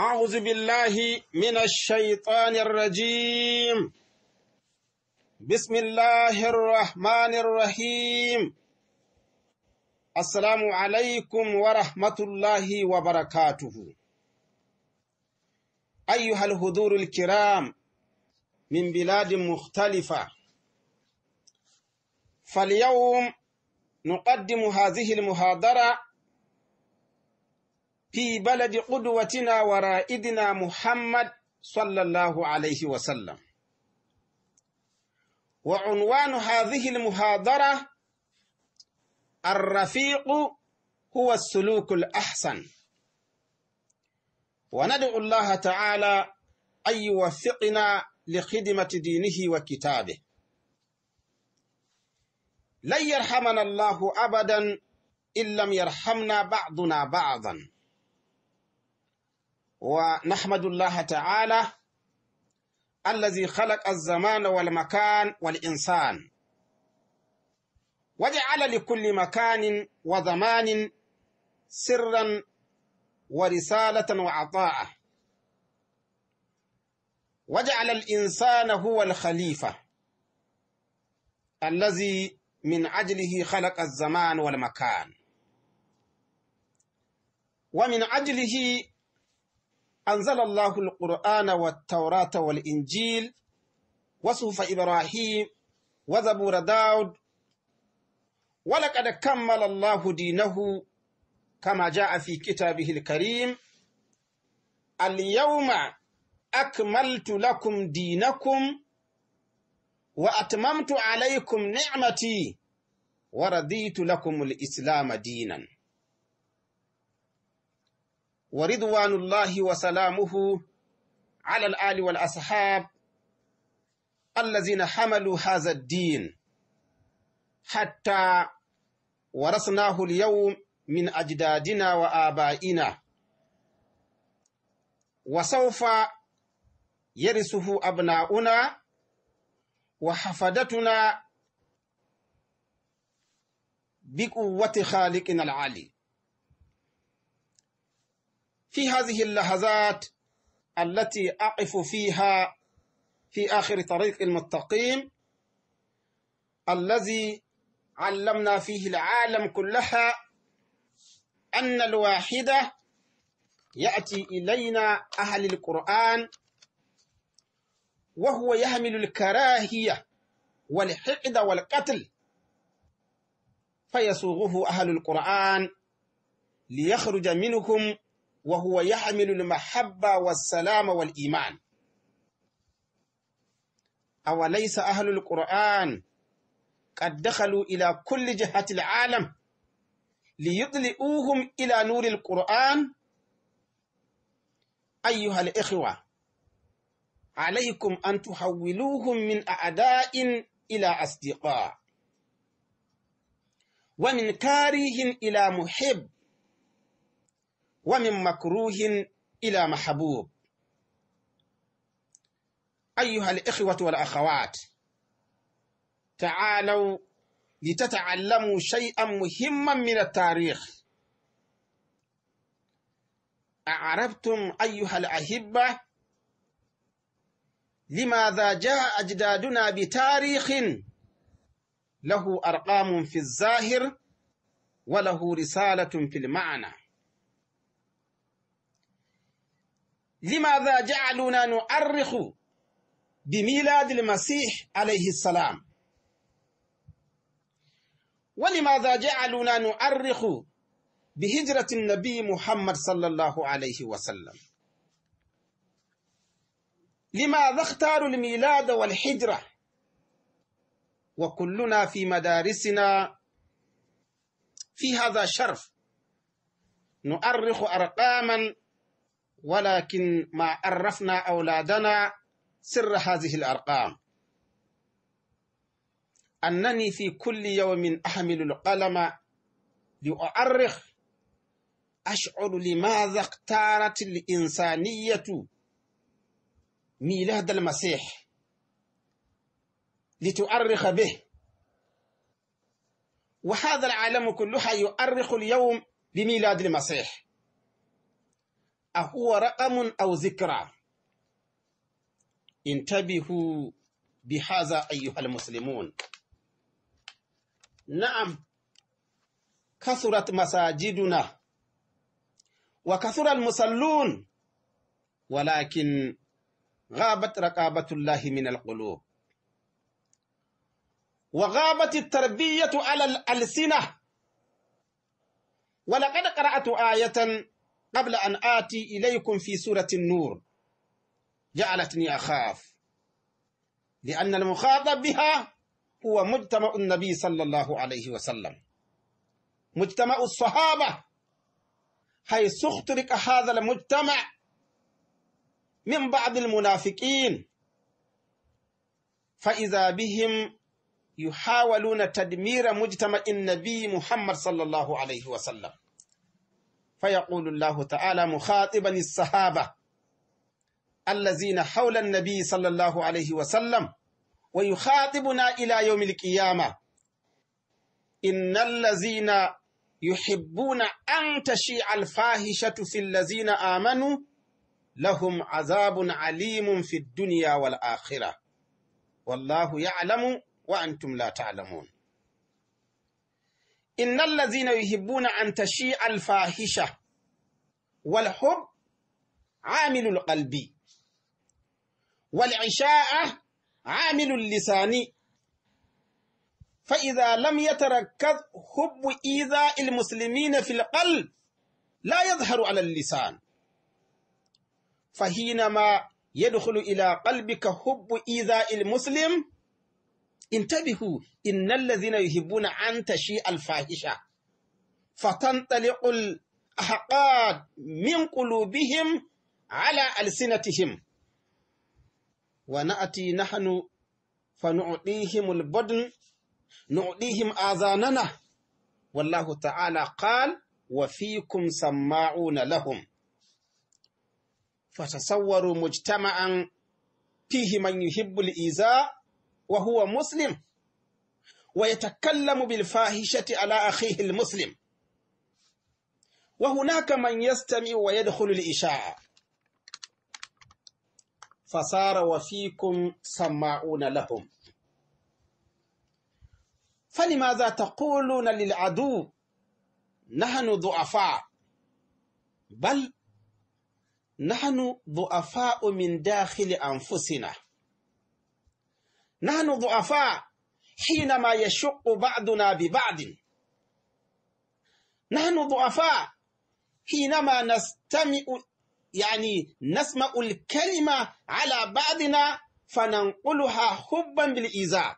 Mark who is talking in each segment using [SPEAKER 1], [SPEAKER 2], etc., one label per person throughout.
[SPEAKER 1] أعوذ بالله من الشيطان الرجيم بسم الله الرحمن الرحيم السلام عليكم ورحمة الله وبركاته أيها الحضور الكرام من بلاد مختلفة فاليوم نقدم هذه المحاضرة في بلد قدوتنا ورائدنا محمد صلى الله عليه وسلم وعنوان هذه المحاضرة الرفيق هو السلوك الأحسن وندعو الله تعالى أن يوفقنا لخدمة دينه وكتابه لن يرحمنا الله أبدا إن لم يرحمنا بعضنا بعضا ونحمد الله تعالى الذي خلق الزمان والمكان والإنسان وجعل لكل مكان وزمان سرا ورسالة وعطاء وجعل الإنسان هو الخليفة الذي من أجله خلق الزمان والمكان ومن أجله أنزل الله القرآن والتوراة والإنجيل وصف إبراهيم وزبور داود ولقد كمل الله دينه كما جاء في كتابه الكريم اليوم أكملت لكم دينكم وأتممت عليكم نعمتي ورضيت لكم الإسلام ديناً ورضوان الله وسلامه على الآل والأصحاب الذين حملوا هذا الدين حتى ورثناه اليوم من أجدادنا وآبائنا وسوف يرثه أبناؤنا وحفدتنا بقوة خالقنا العلي في هذه اللحظات التي أقف فيها في آخر طريق المتقين الذي علمنا فيه العالم كلها أن الواحدة يأتي إلينا أهل القرآن وهو يحمل الكراهية والحقد والقتل فيسوغه أهل القرآن ليخرج منكم وهو يحمل المحبة والسلام والإيمان أوليس أهل القرآن قد دخلوا إلى كل جهة العالم ليطلئوهم إلى نور القرآن أيها الإخوة عليكم أن تحولوهم من أعداء إلى أصدقاء ومن كاره إلى محب ومن مكروه إلى محبوب أيها الإخوة والأخوات تعالوا لتتعلموا شيئا مهما من التاريخ أعرفتم أيها الأحبة لماذا جاء أجدادنا بتاريخ له أرقام في الظاهر وله رسالة في المعنى لماذا جعلنا نؤرخ بميلاد المسيح عليه السلام ولماذا جعلنا نؤرخ بهجرة النبي محمد صلى الله عليه وسلم لماذا اختاروا الميلاد والحجرة وكلنا في مدارسنا في هذا شرف نؤرخ أرقاما ولكن ما عرفنا أولادنا سر هذه الأرقام أنني في كل يوم أحمل القلم لأؤرخ أشعر لماذا اختارت الإنسانية ميلاد المسيح لتؤرخ به وهذا العالم كلها يؤرخ اليوم بميلاد المسيح أهو رقم أو ذكرى انتبهوا بهذا أيها المسلمون نعم كثرت مساجدنا وكثر المصلون ولكن غابت رقابة الله من القلوب وغابت التربية على الألسنة ولقد قرأت آية قبل أن آتي إليكم في سورة النور جعلتني أخاف لأن المخاطب بها هو مجتمع النبي صلى الله عليه وسلم مجتمع الصحابة حيث اخترق هذا المجتمع من بعض المنافقين فإذا بهم يحاولون تدمير مجتمع النبي محمد صلى الله عليه وسلم فيقول الله تعالى مخاطبا الصحابة الذين حول النبي صلى الله عليه وسلم ويخاطبنا إلى يوم القيامة إن الذين يحبون أن تشيع الفاحشة في الذين آمنوا لهم عذاب عليم في الدنيا والآخرة والله يعلم وأنتم لا تعلمون إن الذين يحبون أن تشيع الفاحشة والحب عامل القلب والعشاء عامل اللسان فإذا لم يتركز حب إيذاء المسلمين في القلب لا يظهر على اللسان فحينما يدخل إلى قلبك حب إيذاء المسلم intabihu innal ladhina yuhibbuna an tashi al fahisha fatantaliqul ahqad min qulubihim ala alsinatihim wa na'ati nahnu fanu'tihim al badn nu'tihim azanana wallahu ta'ala qala wa fikum sama'una lahum fatasawwaru mujtama'an fihi man yuhibbul iza وهو مسلم ويتكلم بالفاحشة على أخيه المسلم وهناك من يستمع ويدخل الإشاعة فصار وفيكم سماعون لهم فلماذا تقولون للعدو نحن ضعفاء بل نحن ضعفاء من داخل أنفسنا نحن ضعفاء حينما يشق بعضنا ببعض نحن ضعفاء حينما نستمع يعني نسمع الكلمة على بعضنا فننقلها حبا بالإيذاء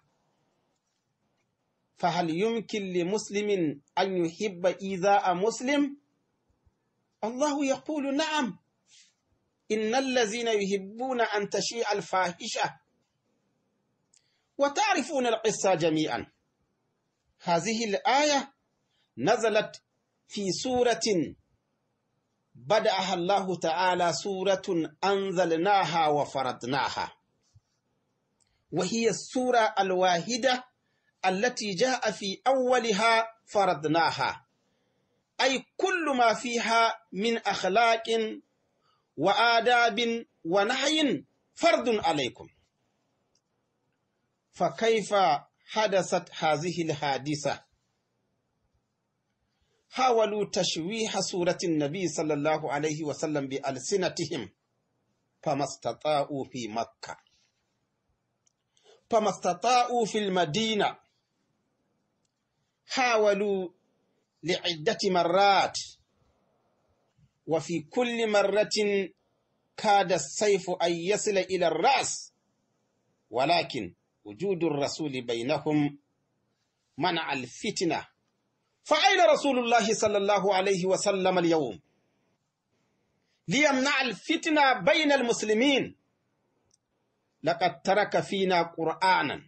[SPEAKER 1] فهل يمكن لمسلم أن يحب إيذاء مسلم؟ الله يقول نعم إن الذين يحبون أن تشيع الفاحشة وتعرفون القصة جميعا هذه الآية نزلت في سورة بدأها الله تعالى سورة أنزلناها وفرضناها وهي السورة الواحدة التي جاء في أولها فرضناها أي كل ما فيها من أخلاق وآداب ونهي فرض عليكم فكيف حدثت هذه الحادثة حاولوا تشويه سورة النبي صلى الله عليه وسلم بألسنتهم فما استطاعوا في مكة فما استطاعوا في المدينة حاولوا لعدة مرات وفي كل مرة كاد السيف أن يصل إلى الرأس ولكن وجود الرسول بينهم منع الفتنة فأين رسول الله صلى الله عليه وسلم اليوم ليمنع الفتنة بين المسلمين لقد ترك فينا قرآنا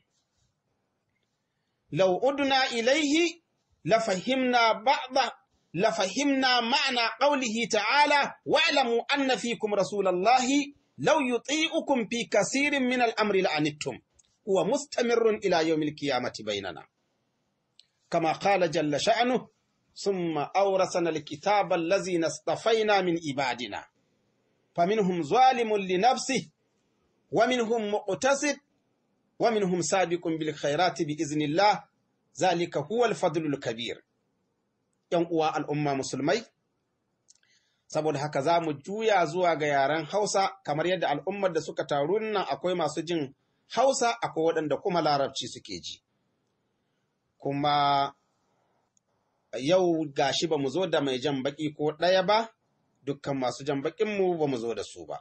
[SPEAKER 1] لو عدنا إليه لفهمنا بعض لفهمنا معنى قوله تعالى واعلموا أن فيكم رسول الله لو يطيئكم في كثير من الأمر لعنتم huwa mustamirrun ila yawmil qiyamati bainana kama qala jalla sha'nuhu thumma awrasana alkitaba allazi nastafaina min ibadina Fa faminhum zalimun li nafsi wa minhum muqtasid wa minhum sabiqun bil khairati bi iznillah zalika huwa al kabir yan uwa al'umma musulmai saboda haka za mu juya zuwa ga yaren Hausa kamar yadda al'ummar da suka taru nan akwai masu jin Hausa akwai waɗanda kuma larabci suke ji. Kuma yau gashi ba mu zo da mai jan baƙi ko ɗaya ba, dukkan masu jan baƙinmu ba mu zo da su ba.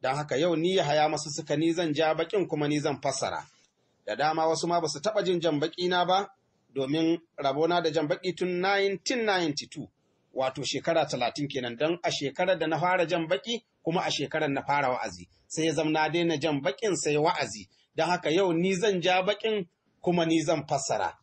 [SPEAKER 1] Don haka yau ni ya haya masu suka ni zan ja baƙin kuma ni zan fassara. Da dama wasu ma ba su taɓa jin jan na ba, domin rabona da jan baƙi tun 1992, wato shekara talatin kenan don a shekarar da na fara jan baƙi kuma a shekarar na fara wa'azi sai ya zama na daina jan bakin sai wa'azi don haka yau ni zan ja bakin kuma ni zan fassara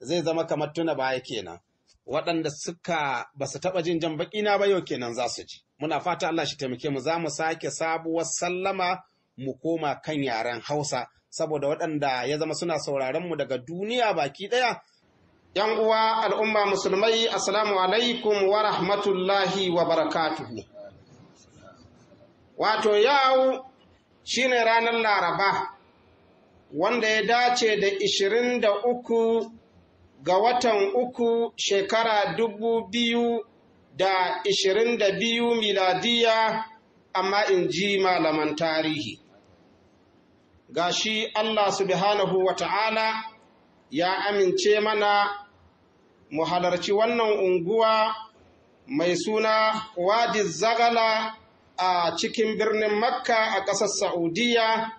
[SPEAKER 1] zai zama kamar tuna baya kenan waɗanda suka ba su taɓa jin jan baki na ba yau kenan za su ji muna fata Allah shi taimake mu za mu sake sabuwar sallama mu koma kan yaren Hausa saboda waɗanda ya zama suna sauraron mu daga duniya baki ɗaya ‘Yan uwa al'umma musulmai, Assalamu alaikum wa rahmatullahi wa barakatuhu. wato yau ne ranar laraba wanda ya dace da ishirin ga watan uku shekara dubu biyu miladiya amma in ji malaman tarihi Ga shi Allah subhanahu wa ta'ala ya amince mana mu halarci wannan unguwa mai suna wadi zagala a cikin birnin makka a ƙasar saudiya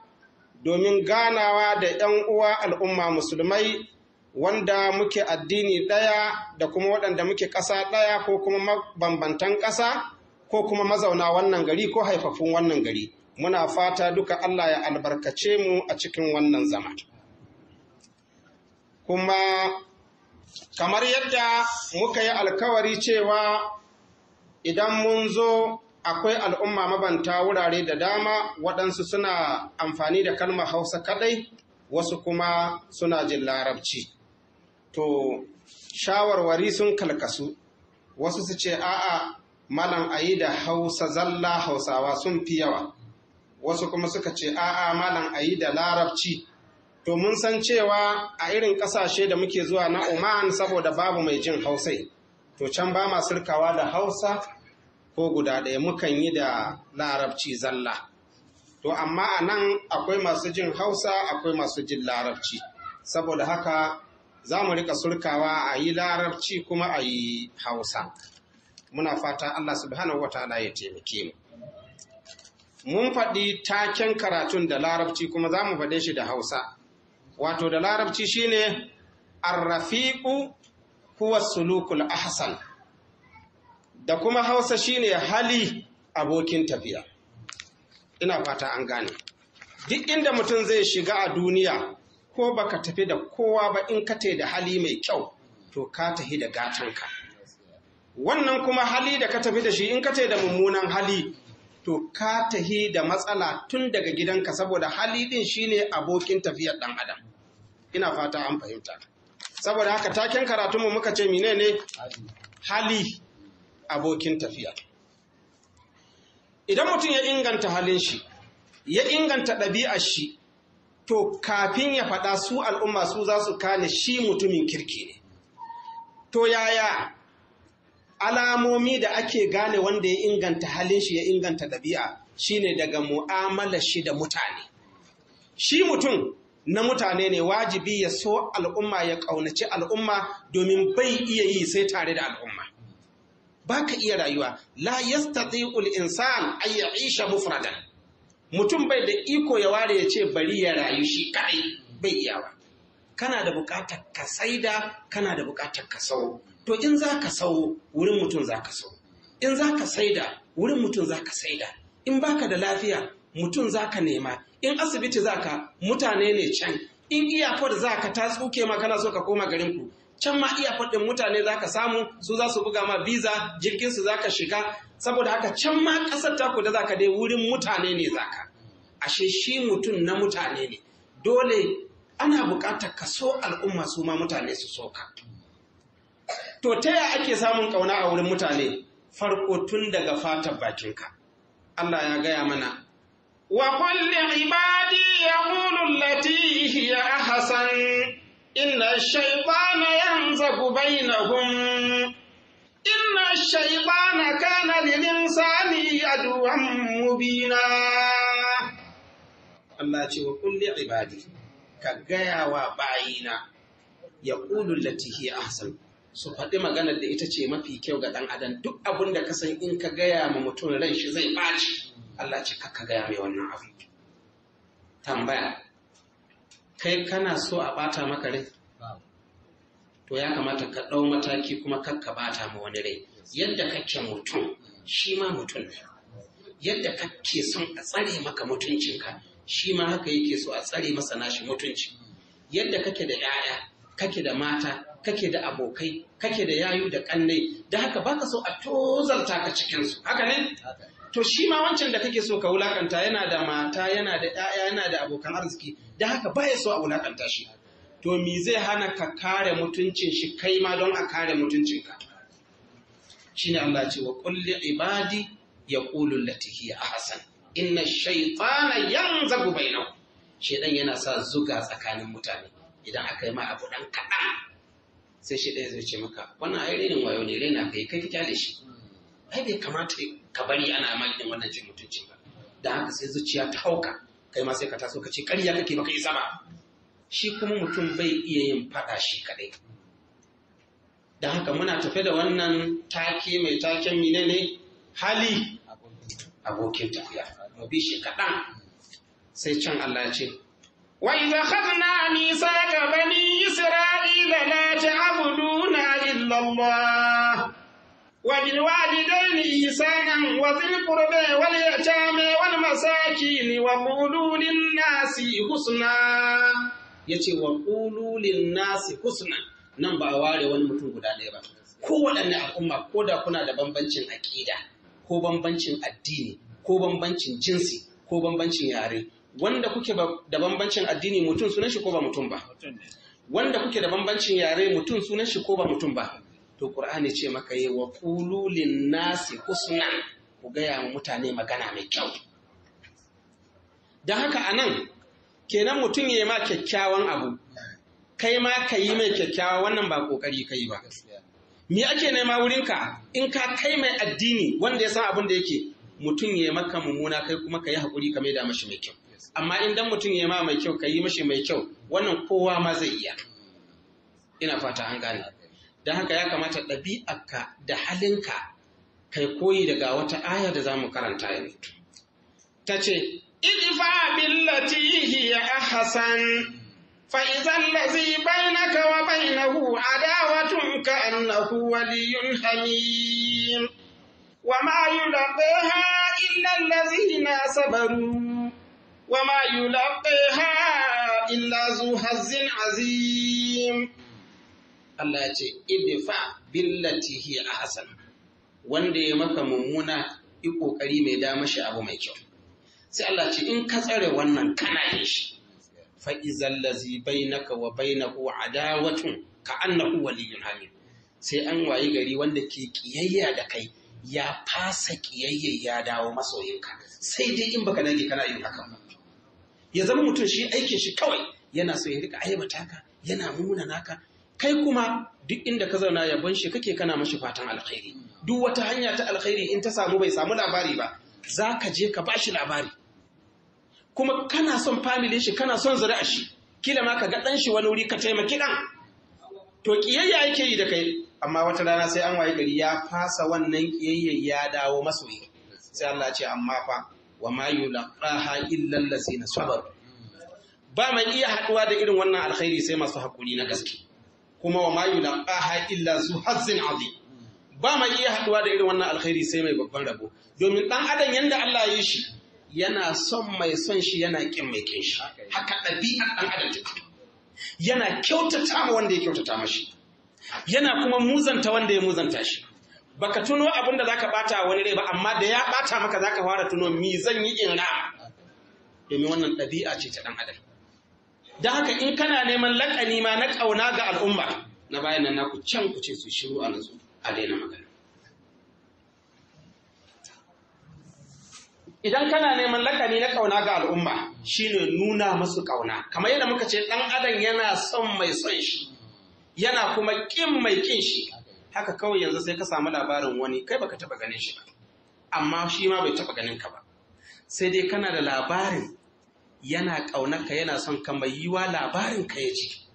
[SPEAKER 1] domin ganawa da 'yan uwa al'umma musulmai wanda muke addini ɗaya da kuma waɗanda muke ƙasa ɗaya ko kuma mabambantan ƙasa ko kuma mazauna wannan gari ko haifafun wannan gari muna fata duka Allah ya albarkace mu a cikin wannan zama kuma kamar yadda muka yi alkawari cewa idan mun zo akwai al'umma mabanta wurare da dama waɗansu suna amfani da kalmar hausa kaɗai wasu kuma suna jin larabci to shawarwari sun kalkasu wasu su ce a'a malam a yi da hausa zalla hausawa sun fi yawa wasu kuma suka ce a'a malam a yi da larabci to mun san cewa a irin ƙasashe da muke zuwa na oman saboda babu mai jin hausai to can ba ma sirkawa da hausa ko guda ɗaya mukan yi da larabci zalla to amma a nan akwai masu jin hausa akwai masu jin larabci saboda haka za mu rika surkawa a yi larabci kuma a yi hausa muna fata allah subhanahu wataala ya taimake mu mun faɗi taken karatun da larabci kuma za mu faɗe shi da hausa wato da larabci shine arrafiƙu huwa sulukul ahsan da kuma hausa shine hali abokin tafiya ina fata an gane duk inda mutum zai shiga a duniya ko baka tafi da kowa ba in ka da hali mai kyau to ka tafi da gatanka wannan kuma hali da ka tafi da shi in ka da mummunan hali to ka tafi da matsala tun daga gidanka saboda hali din shine abokin tafiyar dan adam ina fata an fahimta saboda haka taken karatunmu muka ce menene hali abokin tafiya idan mutum ya inganta halin shi ya inganta ɗabi'ar shi to kafin ya faɗa su al'umma su za su kane shi mutumin kirki ne to yaya alamomi da ake gane wanda ya inganta halin shi ya inganta ɗabi'a shi ne daga mu'amalar shi da mutane shi mutum na mutane ne wajibi ya so al'umma ya ƙaunaci al'umma domin bai iya yi sai tare da al'umma Ba ka iya rayuwa la yastati'ul insan ay ya'isha mufradan mutum bai da iko ya ware ya ce bari ya rayu shi kai bai iyawa kana da bukatar ka saida kana da bukatar ka sau to in za ka sau wurin mutum za ka sau in za ka saida wurin mutum za ka saida in ba ka da lafiya mutum za ka nema in asibiti za ka mutane ne can in iyakar za ka ta tsuke ma kana so ka koma garin garinku can ma iya faɗin mutane za ka samu su za su buga ma visa jirgin su za ka shiga saboda haka can ma ƙasar taku da za ka dai wurin mutane ne za ka ashe shi mutum na mutane ne dole ana buƙatar ka so al'umma su ma mutane su so ka to ta yaya ake samun ƙauna a wurin mutane farko tun daga fatan bakinka Allah ya gaya mana wa kulli ibadi yaqulu allati hiya ahsan إن الشيطان ينزغ بينهم إن الشيطان كان للإنسان عدوا مبينا الله يقول وقل لعبادي كجايا وبعينا يقول التي هي أحسن su faɗi maganar da ita ce mafi kyau ga ɗan adam duk abin da ka san in ka gaya ma mutum ran shi zai ɓaci Allah ce ka gaya mai wannan abu tambaya kai kana so a ɓata maka rai to ya kamata ka ɗau mataki kuma ka bata ma wani rai yadda kake mutum shi ma mutum ne yadda kake son a tsare maka mutuncinka shi ma haka yake so a tsare masa nashi mutunci yadda kake da 'ya'ya kake da mata kake da abokai kake da yayu da kannai da haka baka so a tozarta ka cikin su haka ne to shi ma wancan da kake so ka wulakanta yana da mata yana da ‘ya'ya yana da abokan arziki da haka baya so a wulakanta shi to me zai hana ka kare mutuncin shi kai ma don a kare mutuncinka shine Allah ce wa kulli ibadi yaqulu allati hiya ahsan inna shaytana yanzagu bainahum shedan yana sa zuga tsakanin mutane idan aka yi ma abu dan kaɗan sai shi ɗaya zai ce maka wannan ai renin wayo ne rena kai kai kyale shi ai bai kamata ka bari ana ɗin wannan cin mutunci ba da haka sai zuciya ta hauka kai ma sai ka taso ka ce ƙarya kake baka isa ba shi kuma mutum bai iya yin faɗa shi kaɗai da haka muna tafe da wannan take mai taken mine ne hali abokin tafiya mu bi shi kaɗan sai can Allah ya ce wa idza nisa ga bani isra'ila ta abu nuna illallah? وبالوالدين إحسانا وذي القربى واليتامى والمساكين وقولوا للناس حسنا yace wa qulu lin nasi husna nan ba ware wani mutum guda ɗaya ba ko waɗanne al'umma ko da kuna da bambancin aƙida ko bambancin addini ko bambancin jinsi ko bambancin yare wanda kuke da bambancin addini mutum sunan shi ko ba mutum ba wanda kuke da bambancin yare mutum sunan shi ko ba mutum ba to ƙur'ani ce maka yi wa qulu nasi husna ku gaya wa mutane magana mai kyau don haka a nan, kenan mutum ya yi ma kyakkyawan abu kai ma ka yi mai kyakkyawa wannan ba ƙoƙari ka yi ba me ake nema wurinka in ka kai mai addini wanda ya san abin da yake mutum ya yi maka mummuna kai kuma ka yi haƙuri ka maida mashi mai kyau amma in mutum ya yi ma mai kyau ka yi mashi mai kyau wannan kowa ma zai iya ina fata an gane don haka ya kamata ɗabi'arka da halinka kai koyi daga wata aya da za mu karanta yanzu ta ce idfa billati hiya ahsan fa idza allazi bainaka wa bainahu adawatun ka annahu waliyun hamim wa ma illan illa allazina sabaru wa ma yulqaha illa zu hazzin azim Allah ya ce idfa billati hi ahsan wanda ya maka mummuna yi kokari mai da mashi abu mai kyau sai Allah ce in ka tsare wannan kana yin shi fa izal ladzi bainaka wa bainahu adawatun ka annahu waliyyun hamid sai an wayi gari wanda ke kiyayya da kai ya fasa kiyayya ya dawo masoyinka sai dai in baka dage kana yin hakan ba ya zama mutum shi aikin shi kawai yana so ya rika aibata ka yana muna naka kai kuma duk inda ka zauna yabon shi kake kana mashi fatan alkhairi duk wata hanya ta alkhairi in ta samu bai samu labari ba za ka je ka bashi labari kuma kana son familin shi kana son zuri'a shi kila ma ka ga dan shi wani wuri ka taimaki dan to kiyayya yake yi da kai amma wata rana sai an waye gari ya fasa wannan kiyayya ya dawo masoyi sai Allah ya ce amma fa wa ma yulqaha illa allazina sabar ba mai iya haduwa da irin wannan alkhairi sai masu hakuri na gaske kuma wa mayu ƙaha illa su hazzin azi ba ma iya haɗuwa da irin wannan alkhairi sai mai babban rabo domin ɗan adam yanda Allah ya yi shi yana son mai son shi yana ƙin mai ƙin shi haka ɗabi'ar ɗan adam take yana kyautata ma wanda ya kyautata mashi yana kuma muzanta wanda ya muzanta shi baka tuno abin da zaka bata wani rai ba amma da ya bata maka zaka fara tuno mi zan yi in ra domin wannan ɗabi'a ce ta ɗan adam don haka in kana neman lakani ma na ƙauna ga al'umma na bayan nan naku can ku ce su shiru a nazo a daina magana idan kana neman lakani na ƙauna ga al'umma shine nuna masu ƙauna kamar yadda muka ce ɗan adam yana son mai son shi yana kuma ƙin mai ƙin shi haka kawai yanzu sai ka samu labarin wani kai baka taɓa ganin shi ba amma shi ma bai taɓa ganin ka ba sai dai kana da labarin yana ƙaunaka, yana son ka mai yiwa labarinka ya ji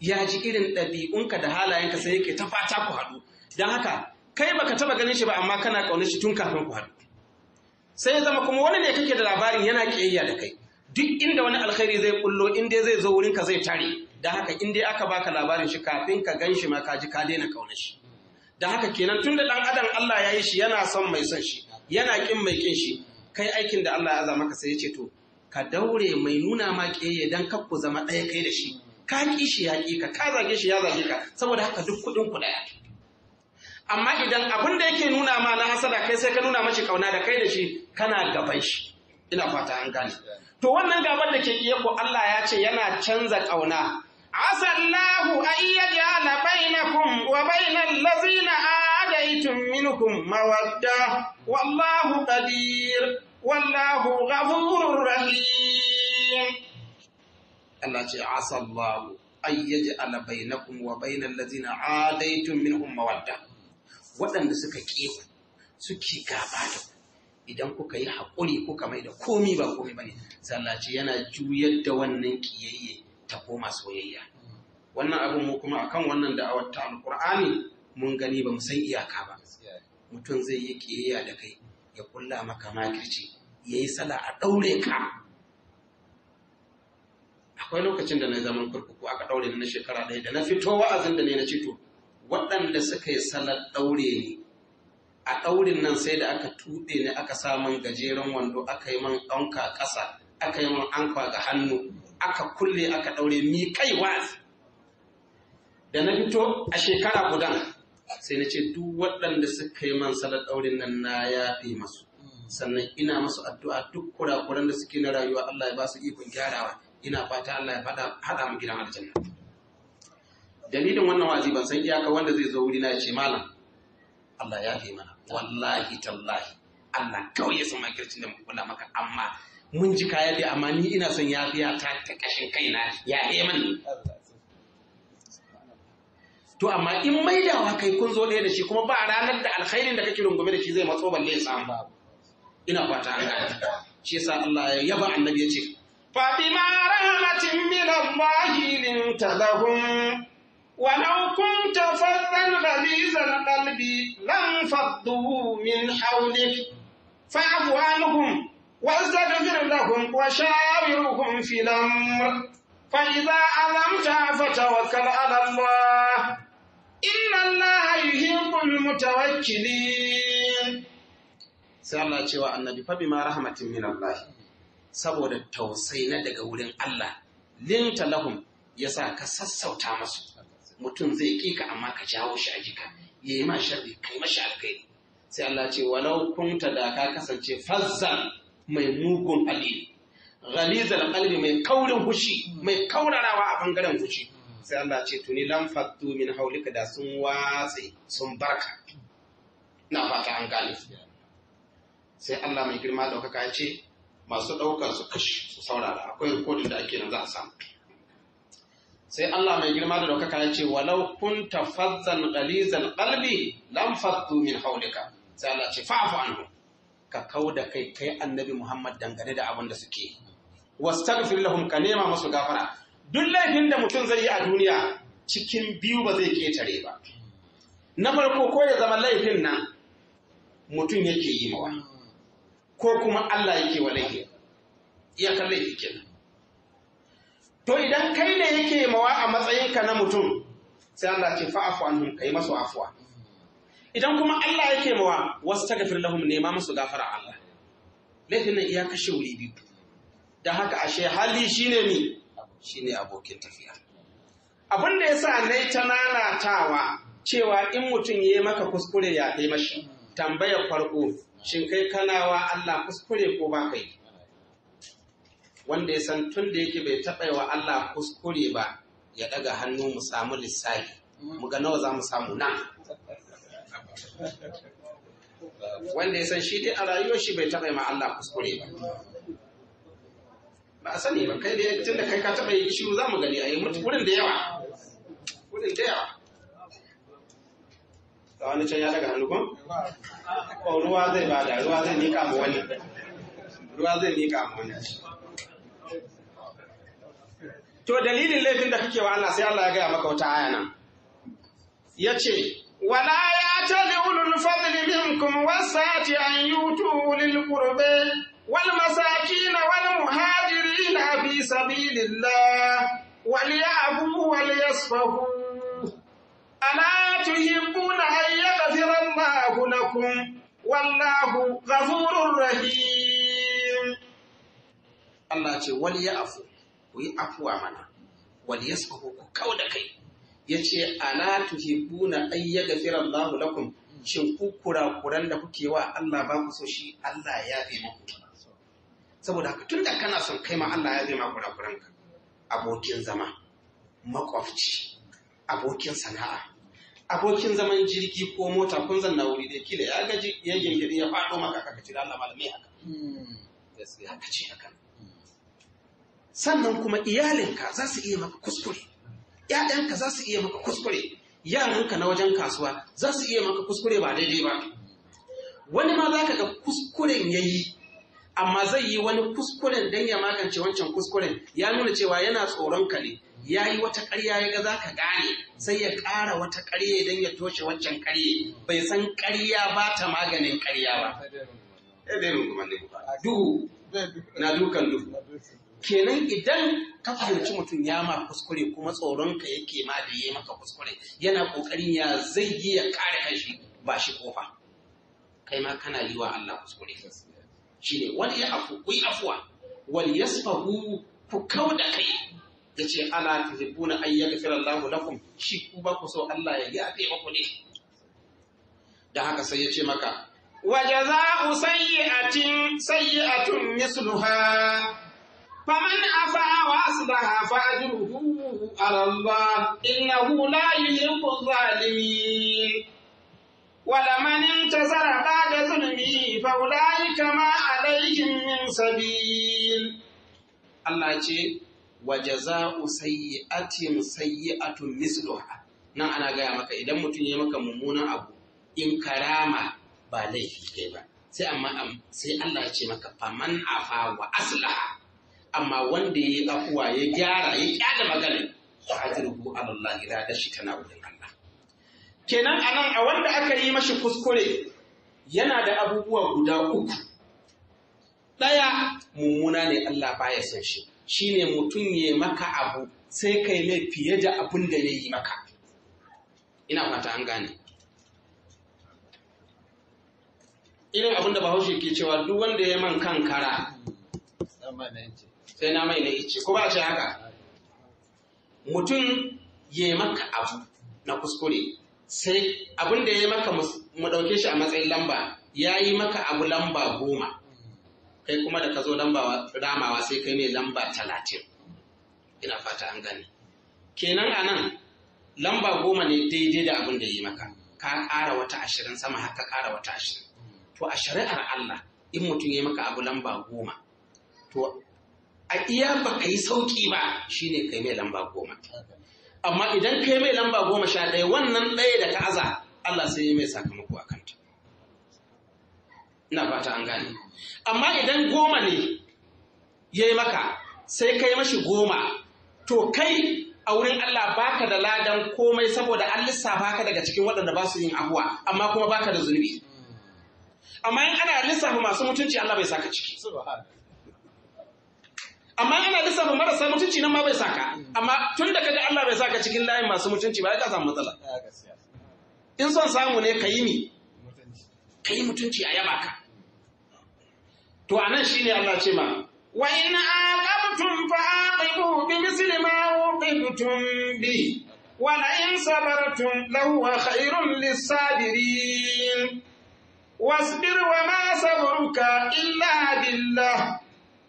[SPEAKER 1] ya ji irin ɗabi'unka da halayenka sai yake tafata fata ku haɗu don haka kai baka taba ganin shi ba amma kana ƙaunar shi tun kafin ku haɗu sai ya zama kuma wani ne kake da labarin yana ƙiyayya da kai duk inda wani alkhairi zai kullo in dai zai zo wurin ka zai tare Don haka in dai aka baka labarin shi kafin ka gan shi ma ka ji ka daina ƙaunar shi da haka kenan tun da ɗan adam Allah ya yi shi yana son mai son shi yana ƙin mai ƙin shi kai aikin da Allah ya zama maka sai ya ce to ka daure mai nuna ma ƙiyayya dan kar zama ɗaya kai da shi ka ƙi shi ya ƙi ka ka zage shi ya zage ka saboda haka duk kuɗin ku ɗaya amma idan abin da yake nuna ma na hasada kai sai ka nuna mashi kauna da kai da shi kana gaban shi ina fata an gane to wannan gaban da ke iya ku Allah ya ce yana canza kauna asa Allahu an yaj'ala bainakum wa bainal ladzina adaitum minkum mawadda wallahu qadir wallahu ghafurur rahim Allah ce asallahu ay yaj'ala bainakum wa bainal ladzina adaitum minhum mawadda waɗanda suka kewa suke gaba da ku idan kuka yi haƙuri kuka mai da komi ba komi bane sallaci yana juyar da wannan kiyayye ta koma soyayya wannan abin mu kuma akan wannan da'awar ta Alƙur'ani mun gani ba mu san iyaka ba mutum zai yi kiyayya da kai ya kulla maka makirci ya yi sala a ɗaure ka akwai lokacin da na zaman kurkuku aka ɗaure na shekara ɗaya da na fito wa'azin da ne na cito waɗanda suka yi salar ɗaure ne a ɗaurin nan sai da aka tuɗe ne aka sa gajeren wando aka yi man ɗanka ƙasa aka yi man anka ga hannu aka kulle aka ɗaure mi kai wa'azi da na fito a shekara gudan sai na ce duk waɗanda suka yi man salar ɗaurin nan na yafe masu sannan ina masu addu'a duk kurakuran da suke na rayuwa Allah ya ba su ikon gyarawa ina fata Allah ya haɗa mu gidan aljanna dalilin wannan wazi ban san iyaka wanda zai zo wuri na ya ce malam Allah ya fi mana wallahi tallahi Allah kawai ya makircin da kula maka amma mun ji kaya amma ni ina son yafiya ta ta kashin kaina ya fi mani to amma in maidawa kai kun zo ɗaya da shi kuma ba ranar da alkhairin da kake rungume da shi zai matso balle ya samu ina fata an gane shi yasa Allah ya yaba annabi ya ce fa bima rahmatin min Allah linta lahum ولو كنت فظا غليظ القلب لانفضوا من حولك فاعف عنهم واستغفر لهم وشاورهم في الامر فاذا علمت فتوكل على الله inna Allah yuhibbul mutawakkilin sai Allah cewa annabi fa bima rahmatin min Allah saboda tausayi na daga wurin Allah linta lahum yasa ka sassauta masu mutum zai kika amma ka jawo shi a jika yayi ma sharri kai mashi alkhairi sai Allah ce walau kunta da ka kasance fazzan mai mugun hali ghalizal qalbi mai kaurin hushi mai kaurarawa a bangaren fushi sai Allah ce tuni lan fattu min haulika da sun watse sun barka
[SPEAKER 2] ina fata an gane
[SPEAKER 1] sai Allah mai girma daukaka ya ce masu ɗaukar su kashi su saurara akwai rikodin da ake nan za a samu sai Allah mai girma da daukaka ya ce walau kun tafazzan ɗalizan ƙalbi lan fattu min haulika sai Allah ce fa'fu anhu ka kauda kai kai annabi Muhammad dangane da abin da suke wastaghfir lahum ka nema musu gafara duk laifin da mutum zai yi a duniya cikin biyu ba zai ketare ba na farko ko ya zama laifin nan mutum yake yi mawa ko kuma Allah yake wa laifi iyakar laifi kenan to idan kai ne yake mawa a matsayinka na mutum sai Allah ce nun ka yi masu afuwa idan kuma Allah yake mawa wasu ta tagafir lahum nema masu gafara Allah laifin nan iya kashe wuri biyu da haka ashe hali shine mi Shi ne abokin tafiya abin da ya sa nai ta nanatawa cewa in mutum ya yi maka kuskure ya kai mashi tambayar farko shin kai kanawa Allah kuskure ko ba kai wanda ya san tun da yake bai taɓa wa Allah kuskure ba ya ɗaga hannu mu samu lissafi mu ga nawa za mu samu nan wanda ya san shi dai a rayuwar shi bai taɓa ma Allah kuskure ba ba a sani ba kai da tun da kai ka taɓa yi shiru za mu gani a yi wurin da yawa wurin da yawa ga wani can ya daga hannu kun ko ruwa zai bada ruwa zai nika mu wani ruwa zai nika mu wani to dalilin laifin da kake wa Allah sai Allah ya gaya maka wata aya nan yace wala ya tali ulul fadli minkum wasati an yutu lil qurbi والمساكين والمهاجرين في سبيل الله وليعفوا وليصفحوا ألا تحبون أن يغفر الله لكم والله غفور رحيم الله ce wal ya'fu ku yi afuwa mana wal yasfahu ku kau da kai yace ala tuhibbuna ay yaghfira Allahu lakum shin ku kuran da kuke wa Allah ba ku so shi Allah ya fi muku saboda haka tun da kana son kai ma Allah ya zai ma ka abokin zama makwafci abokin sana'a abokin zaman jirgi ko mota kun na wuri da kila ya gaji ya gingiri ya faɗo maka ka kace Allah malamai haka hmm. haka ce haka sannan kuma iyalinka za su iya maka kuskure ‘ya'yanka za su iya maka kuskure yaranka na wajen kasuwa za su iya maka kuskure ba daidai ba wani ma za ka ga kuskuren ya yi amma zai yi wani kuskuren dan ya magance wancan kuskuren ya nuna cewa yana tsoron ka ne ya yi wata ƙarya ya ga za ka gane sai ya ƙara wata ƙarya don ya toshe waccan ƙarya bai san ƙarya ba ta maganin ƙarya ba eh, duhu na dukan duhu kenan idan ka fahimci mutum ya ma kuskure kuma tsoronka yake ma da ya maka kuskure yana ƙoƙarin ya zai yi ya kare kanshi ba shi kofa kai ma kana yi wa Allah kuskure Shi ne shine wal yafu ku afwa wal yasfahu ku da kai ce ala tuhibbuna ay yaghfira Allahu lakum shi ku ba ku so Allah ya yafe muku ne da haka sai ya ce maka wa jazaa'u sayyi'atin sayyi'atun misluha faman afa'a wa aslaha fa ajruhu ala Allah innahu la kun ولمن انتظر بعد ظلمه فأولئك ما عليهم من سبيل الله ce wa jaza'u sayyi'atin sayyi'atun misluha nan ana gaya maka idan mutum ya maka mummunan abu in karama ba laifi kai ba sai amma sai Allah ce maka faman afa wa aslaha amma wanda ya yi afuwa ya gyara ya kyale magana fa ajruhu ala Allah ila da shi kana wurin kenan anan a wanda aka yi mashi kuskure yana da abubuwa guda uku ɗaya mummuna ne Allah baya son shi shi ne mutum ya maka abu sai kai mai fiye da abin da ya yi maka ina mata an gane irin abin da bahaushe ke cewa duk wanda ya man kankara sai na mai na ice ko ba shi haka mutum ya maka abu na kuskure sai abin da ya maka mu ɗauke shi a matsayin lamba ya yi maka abu lamba goma kai kuma da ka zo lamba ramawa sai kai ne lamba talatin ina fata an gani. kenan a nan lamba goma ne daidai da abin da ya yi maka ka ƙara wata ashirin sama har ka ƙara wata ashirin to a shari'ar Allah in mutum ya yi maka abu lamba goma to a iya ba ka yi sauƙi ba shine kai mai lamba goma amma idan kai mai lamba goma sha ɗaya wannan ɗaya da ka aza Allah sai yi mai sakamako a kanta ina fata an gane amma idan goma ne ya yi maka sai kai mashi goma to kai a wurin Allah baka da ladan komai saboda an lissafa ka daga cikin waɗanda ba su yin abuwa amma kuma baka da zunubi amma in ana lissafa masu mutunci Allah bai saka ciki amma ana lissafa marasa mutunci nan ma bai saka amma tun da kaga Allah bai ka cikin layin masu mutunci ba ka samu matsala in son samu ne ka yi ni, ka yi mutunci a yaba ka to anan shine Allah ce ma wa in aqabtum fa aqibu bi misli ma uqibtum bi wa la in sabartum lahu khairun lis-sabirin wasbir wa ma sabruka illa billah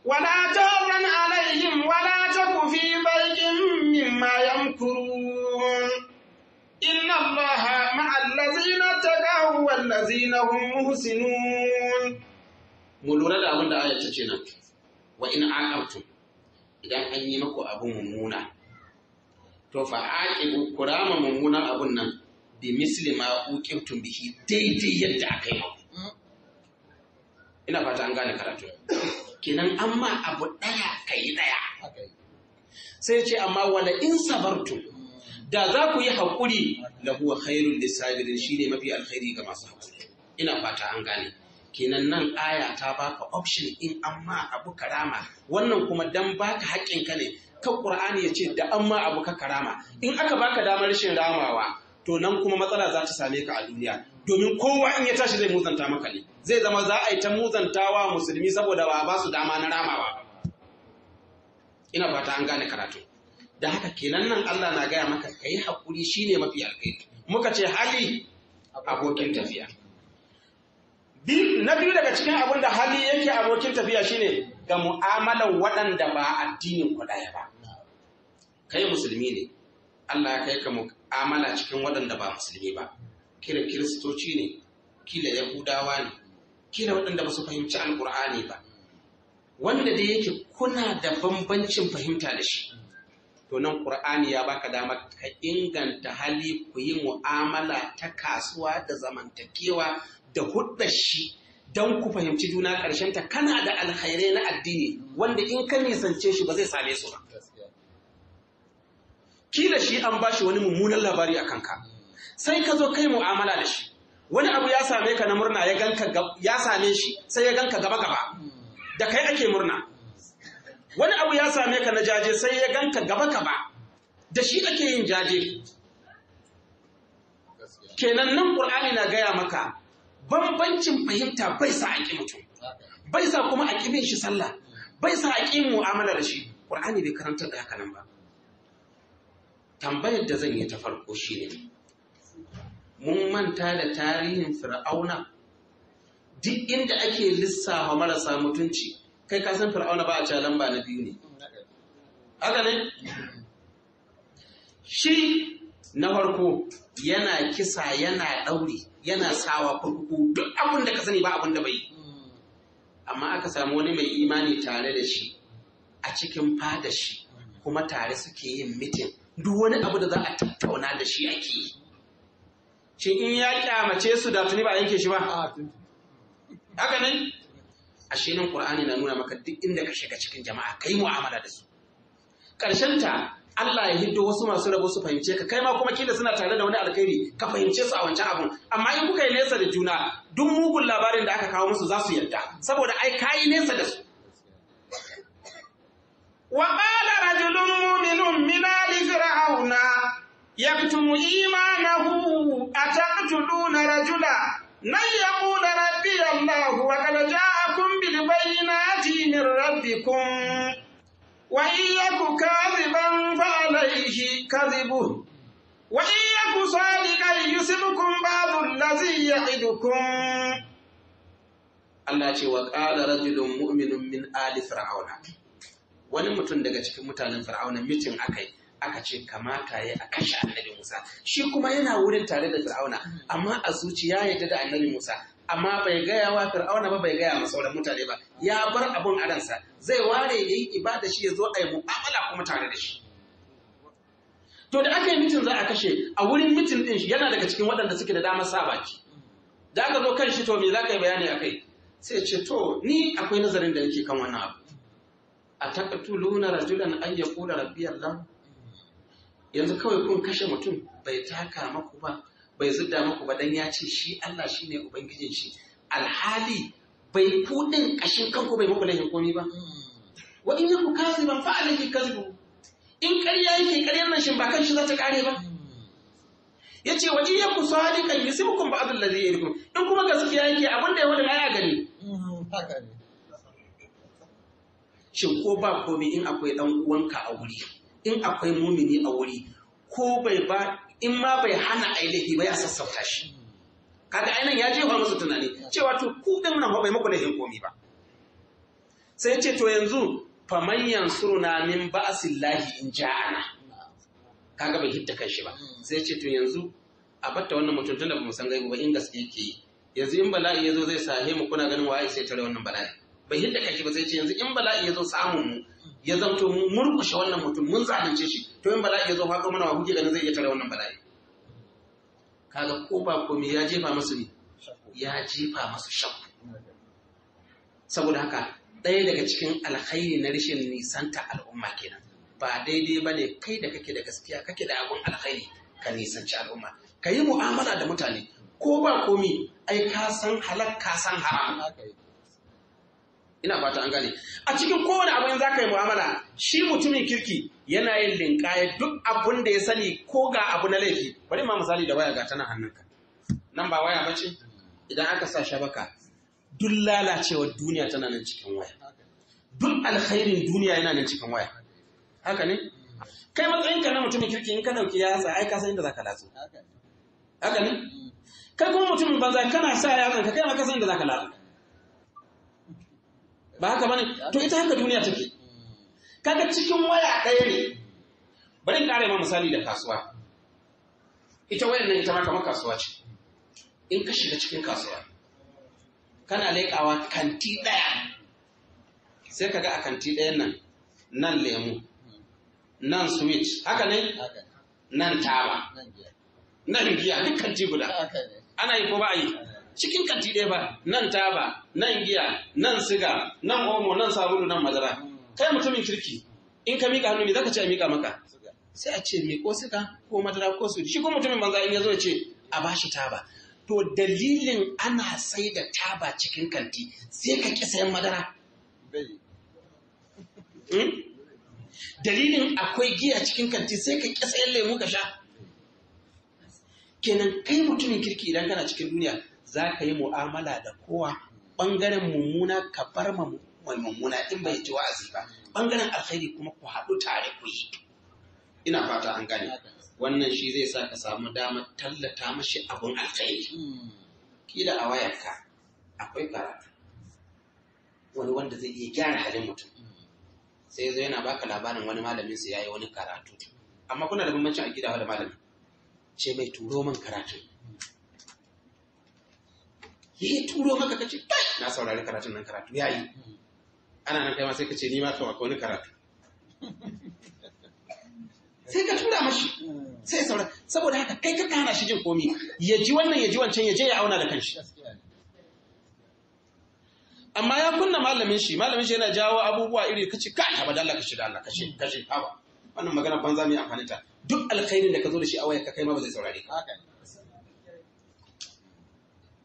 [SPEAKER 1] ولا تغرن عليهم ولا تك في ضيق مما يمكرون إن الله مع الذين اتقوا والذين هم محسنون mu lura da abin da aya ta ce nan wa in idan an yi maku abu mummuna to fa aqibu kurama mummunan abun nan bi misli ma uqibtum bihi yadda aka yi maku hmm. ina fata an gane karatu Kinan an ma abu ɗaya ka yi ɗaya sai ce amma wala in sabartu da za ku yi haƙuri da huwa khairul lisabirin shine mafi alkhairi ga masu haƙuri ina fata an gane Kinan nan aya ta baka option in amma abu karama wannan kuma dan baka haƙƙin ka ne ka Qur'ani ya ce da amma abu ka karama in aka baka damar rashin ramawa to nan kuma matsala za ta same ka a duniya domin kowa in ya tashi zai muzanta maka ne zai zama za a yi ta muzantawa musulmi saboda ba ba su dama na rama ba ina fata an gane karatu da haka kenan nan Allah na gaya maka kai hakuri shine mafi alkhairi muka ce hali abokin tafiya na biyu daga cikin abin da hali yake abokin tafiya shine ga mu'amalar waɗanda ba addinin ku ɗaya ba kai musulmi ne Allah ya kai ka mu'amala cikin waɗanda ba musulmi ba Kira kiristoci ne kila yahudawa ne kila waɗanda ba su fahimci alƙur'ani ba wanda da yake kuna da bambancin fahimta da shi to nan ƙur'ani ya baka dama ka inganta hali ku yi mu'amala ta kasuwa da zamantakewa da hudda shi don ku fahimci juna ƙarshen ta kana da alhairai na addini wanda in ka nisance shi ba zai same su ba kila shi an bashi wani mummunan labari a kanka sai ka zo kai mu'amala da shi wani abu ya same ka na murna ya ganka ya same shi sai ya ganka gaba gaba da kai ake murna wani abu ya same ka na jaje sai ya ganka gaba gaba da shi ake yin jaje kenan nan qur'ani na gaya maka bambancin fahimta bai sa a ƙi mutum bai sa kuma a ƙi shi sallah bai sa a ƙi mu'amala da shi ƙur'ani bai karantar da haka nan ba tambayar da zan yi ta farko shine mun manta da tarihin fir'auna duk inda ake lissafa marasa mutunci kai kasan fir'auna ba a ca lamba na biyu ne haka ne shi na farko yana kisa yana ɗauri yana sawa kurkuku duk abin da ka sani ba abin da bai amma aka samu wani mai imani tare da shi a cikin fada shi kuma tare suke yin mitin duk wani abu da za a tattauna da shi ake yi shin in ya kyamace su da tuni ba yanke shi ba haka nan ashe nan qur'ani na nuna maka duk inda ka shiga cikin jama'a ka yi mu'amala da su karshen ta Allah ya hiddo wasu masu rabo su fahimce ka kai ma kuma kila suna tare da wani alkhairi ka fahimce su a wancan abun amma in kuka yi nesa da juna duk mugun labarin da aka kawo musu za su yarda saboda ai ka yi nesa da su wa qala rajulun mu'minun min ali fir'auna يكتم إيمانه أتقتلون رجلا من يقول ربي الله وقد جاءكم بالبينات من ربكم وإن يك كاذبا فعليه كذبه وإن يك صادقا يصبكم بعض الذي يعدكم Allah ce wa ƙala rajulun mu'minun min ali fir'auna wani mutum daga cikin mutanen fir'auna mitin akai aka ce kamata ya a kashe annabi Musa shi kuma yana wurin tare da Fir'auna amma a zuciya ya da annabi Musa amma bai gaya wa Fir'auna ba bai gaya wa sauran mutane ba ya bar abun aransa zai ware ya yi ibada shi ya zo a yi mu'amala kuma tare da shi to da aka yi mitin za a kashe a wurin mitin din shi yana daga cikin waɗanda suke da damar sa baki da aka zo kan shi to me za ka yi bayani a kai sai ce to ni akwai nazarin da nake kan wannan abu a rajulan an yaqula rabbi yanzu kawai kun kashe mutum bai taka maku ba bai zidda maku ba dan ya ce shi Allah shine ubangijin shi alhali bai kudin kashin kanku bai muku laifin komai ba hmm. wa in yaku kaziban fa alayhi kazibu in ƙarya yake ƙaryar nan shin ba kan shi za ta ƙare ba hmm. yace waje in yaku sadiqan yusibukum abul ladhi yalikum in kuma gaskiya yake abinda ya wada ya gani hmm, shin ko ba komai in akwai dan uwanka a wuri in akwai mumini a wuri ko bai ba in ma bai hana a laifi ba ya sassauta shi kaga ainihin ya jefa musu tunani cewa to ku din nan bai muku laifin komi ba sai ce to yanzu faman yansuruna min ba'sillahi in ja'ana kaga bai hitta kanshi ba sai ce to yanzu a batta wannan mutum tunda ba mu san gaibu ba in gaske yake yi yanzu in bala'i ya zo zai sahe mu kuna ganin waye sai tare wannan bala'i bai yadda shi ba sai ce yanzu in bala'i ya zo samun mu ya zanto mun murkushe wannan mutum mun zalunce shi to in bala'i ya zo haka mana wa kuke ganin zai iya tare wannan bala'i kaga ko ba ya jefa masu ne ya jefa masu shakku saboda haka ɗaya daga cikin alkhairi na rashin nisanta al'umma kenan ba daidai ba ne kai da kake da gaskiya kake da abun alkhairi ka nisanci al'umma ka yi mu'amala da mutane ko ba komi ai ka san halak ka san haram ina fata an gane a cikin kowane abu yanzu zaka yi mu'amala shi mutumin kirki yana yin linƙaya duk abun da ya sani ko ga abu na laifi bari ma misali da waya ga tana hannunka nan ba waya bace idan aka sa shabaka duk lalacewar duniya tana nan cikin waya duk alkhairin duniya yana nan cikin waya haka ne kai matsayinka na mutumin kirki in ka dauki ya sa ai ka san inda zaka latsu haka ne kai kuma mutumin banza kana sa yatsan ka kai ma ka san inda zaka latsu ba haka bane to ita haka duniya take kaga cikin waya ɗaya ne bari in ƙara ma misali da kasuwa ita wayar nan ita ma kamar kasuwa ce in ka shiga cikin kasuwa kana leƙawa kanti ɗaya sai ka ga a kanti ɗayan nan nan lemu nan switch haka ne nan tawa, nan giya duk kanti guda ana yi ko ba a yi cikin kanti ɗaya ba nan taba nan giya nan siga nan omo nan sabulu nan madara kai mutumin kirki in ka mika hannu me zaka ce a mika maka sai a ce me ko siga ko madara ko su shi ko mutumin banza in ya zo ce a bashi taba to dalilin ana sai da taba cikin kanti sai ka ki sayan madara hmm? dalilin akwai giya cikin kanti sai ka ki sayan lemu ka sha kenan kai mutumin kirki idan kana cikin duniya za ka yi mu'amala da kowa ɓangaren mummuna ka bar mai mummuna in bai ji wa'azi ba ɓangaren alkhairi kuma ku haɗu tare ku yi ina fata an gane wannan shi zai sa ka samu damar tallata mashi abun alkhairi kila a wayarka akwai karatu wani wanda zai iya gyara halin mutum sai zai yana baka labarin wani malamin su yayi wani karatu amma kuna da bambancin a gida da malamin ce mai turo man karatu ya yi turo maka kace kai na saurari karatun nan karatu Ya yi, ana nan kai ma sai kace ni ma to akwai wani karatu sai ka tura mashi sai saurari saboda haka kai ka kana shi jin komi ya ji wannan ya ji wancan ya je ya auna da kanshi amma ya kunna malamin shi malamin shi yana jawo abubuwa iri kace kai haba da Allah kace da Allah kace kace haba wannan magana banza mai amfani ta duk alkhairin da ka zo da shi a waya ka kai ma ba zai saurare ka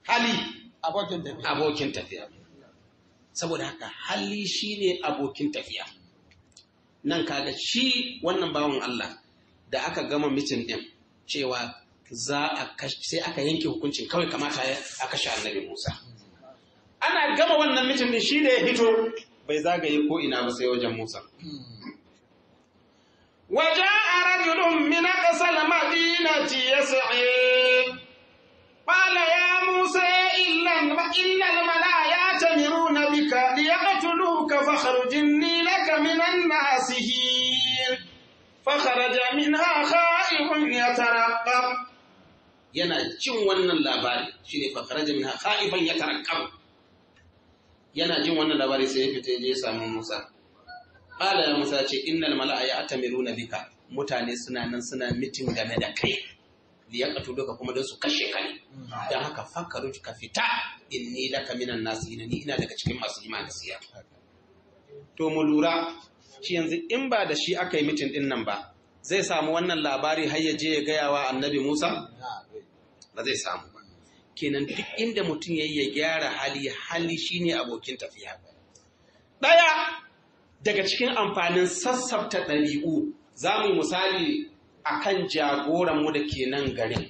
[SPEAKER 1] hali abokin tafiya abokin tafiya saboda haka hali shine abokin tafiya nan kaga shi wannan bawan Allah da aka gama mitin din cewa za a sai aka yanke hukuncin kawai kamata a kashe annabi Musa ana gama wannan mitin din shi ya hito bai zagaye ko ina ba sai wajen Musa وجاء رجل من أقصى المدينة يسعي قال يا موسى إن الملائكة يأتمرون بك ليقتلوك فاخرج إني yana jin wannan labari shine fa kharaja minha khaifan yatarakkab yana jin wannan labari sai ya fita je ya samu Musa
[SPEAKER 2] qala ya Musa
[SPEAKER 1] ce innal mala'a ya'tamiruna bika mutane suna nan suna mitin game da kai ka kuma don su kashe ka ne mm. don haka fakaru ka fita In inni laka minan nasihin ni ina daga cikin masu yi nasiya to mu lura shi yanzu in ba da shi aka yi mitin din nan ba zai samu wannan labari har ya je ya gaya wa annabi Musa ba zai samu ba kenan duk inda mutum ya yi ya gyara hali hali shine abokin tafiya daya daga cikin amfanin sassafta ɗari'u za mu misali A akan jagoranmu da ke nan garin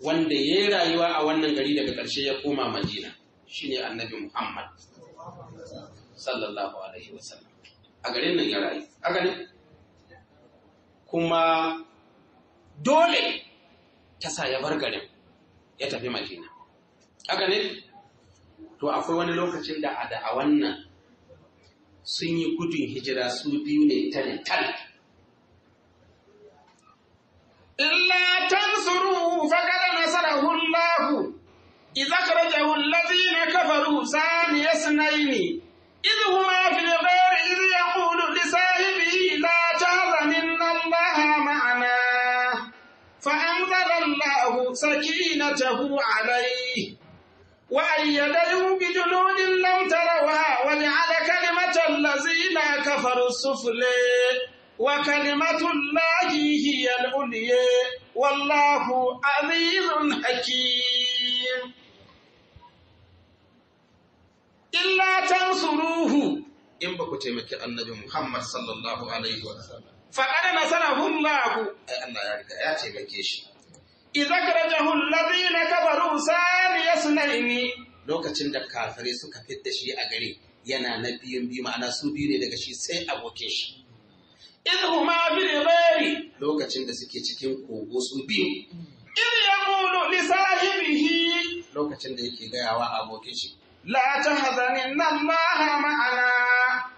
[SPEAKER 1] wanda ya yi rayuwa a wannan gari daga ƙarshe ya koma Majina, shi ne annabi muhammad sallallahu alaihi wasallam a garin nan ya rayu a garin kuma dole ta sa ya bar garin ya tafi Majina. a garin to akwai wani lokacin da a da a wannan sun yi gudun hijira su biyu ne tare tare Inna tan suru fagada nasara hullahu, iza ka rage hullazi na kafaru sa ni ya suna fi bayar iri ya kudu sahibi la ta zanin nan ma'ana. Fa an zara Allahu saki na tahu alai. Wa ayyada yi bi jinonin nan tarawa wani ala kalimatan lazi na kafaru sufule. wa kalimatun lahihi al’uliye, wallahu azimun hakim. Illa can ruhu. in ba ku taimaki annabi Muhammad sallallahu Alaihi wasallam. Fa’ada nasara hullahu, ai, Allah ya riga ya taimake shi. Iza kira jahun na kabaru sani ya suna ini. Lokacin da kafare suka fit da shi a gari, yana na biyun biyu ma'ana su biyu ne daga shi sai abokin shi. biyu bil ghairi lokacin da suke cikin kogo su biyu idh mulu li sahibihi lokacin da yake gayawa abokin shi la tahzaninna allaha ma'ana